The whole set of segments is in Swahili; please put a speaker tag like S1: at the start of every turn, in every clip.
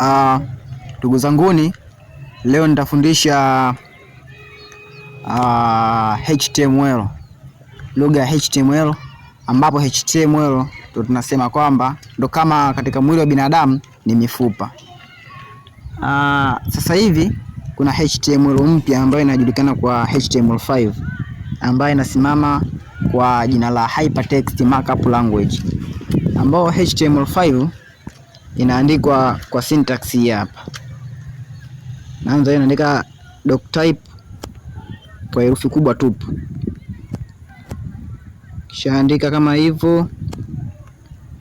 S1: Ah, ndugu zanguni, leo nitafundisha ah, HTML, lugha ya HTML, ambapo HTML ndo tunasema kwamba ndo kama katika mwili wa binadamu ni mifupa. Ah, sasa hivi kuna HTML mpya ambayo inajulikana kwa HTML5 ambayo inasimama kwa jina la Hypertext Markup Language, ambao HTML5 inaandikwa kwa syntax hii hapa. Naanza naandika doctype kwa herufi kubwa tupu, kisha andika kama hivyo,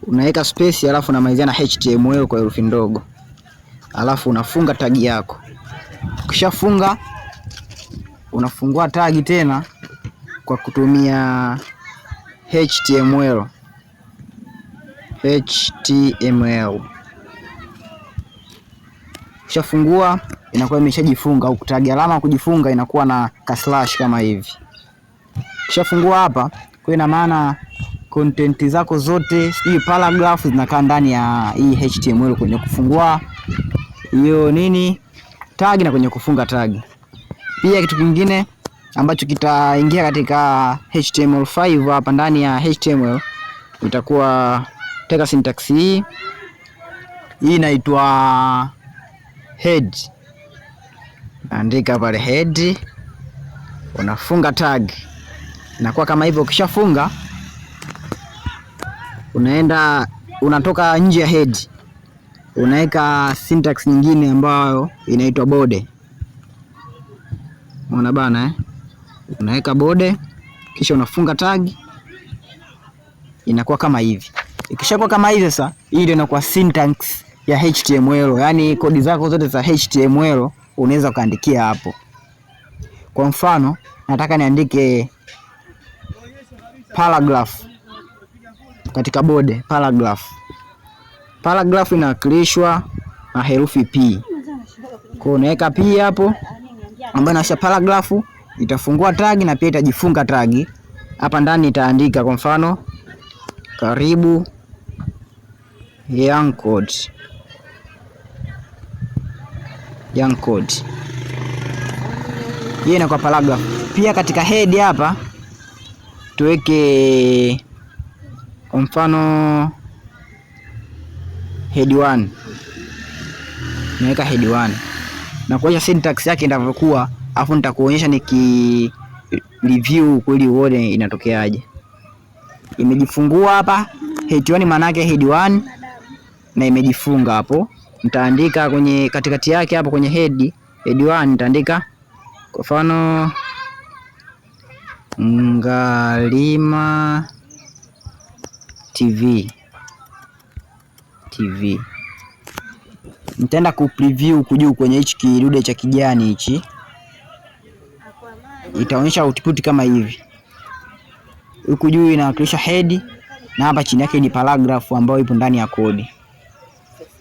S1: unaweka space, alafu unamalizia na HTML kwa herufi ndogo, alafu unafunga tagi yako. Ukishafunga unafungua tagi tena kwa kutumia HTML HTML Ukishafungua inakuwa imeshajifunga au kutagi alama kujifunga inakuwa na kaslash kama hivi. Ukishafungua hapa, kwa ina maana content zako zote, hii paragraph zinakaa ndani ya hii HTML kwenye kufungua hiyo nini tag na kwenye kufunga tag. Pia kitu kingine ambacho kitaingia katika HTML5 hapa ndani ya HTML itakuwa teka syntax hii hii inaitwa head, naandika pale head, unafunga tag kwa kama hivyo. Ukishafunga unaenda unatoka nje ya head, unaweka syntax nyingine ambayo inaitwa bode. Unaona bana eh? Unaweka bode kisha unafunga tag, inakuwa kama hivi. Ikishakuwa kama hivi sasa, hii ndio inakuwa syntax ya HTML, yani kodi zako zote za HTML unaweza ukaandikia hapo. Kwa mfano nataka niandike paragraph katika bode. Paragraph, paragraph inawakilishwa na herufi P. Kwa unaweka P hapo, ambayo inaisha paragraph, itafungua tagi na pia itajifunga tagi. Hapa ndani itaandika kwa mfano, karibu Young Code young code. Hiyo inakuwa paragraph. Pia katika head hapa tuweke kwa mfano head 1. Naweka head 1 na kuonyesha syntax yake inavyokuwa, afu nitakuonyesha niki review kweli uone inatokeaje. Imejifungua hapa head 1, maana yake head 1 na imejifunga hapo nitaandika kwenye katikati yake hapo kwenye head head 1 nitaandika kwa mfano Ngalima TV TV. Nitaenda ku preview huku kwenye hichi kidude cha kijani hichi, itaonyesha output kama hivi. Huku juu inawakilisha head na hapa chini yake ni paragraph ambayo ipo ndani ya kodi.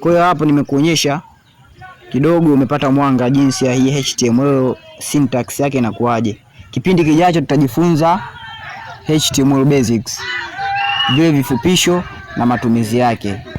S1: Kwa hiyo hapo nimekuonyesha kidogo, umepata mwanga jinsi ya hii HTML syntax yake inakuaje. Kipindi kijacho tutajifunza HTML basics, vile vifupisho na matumizi yake.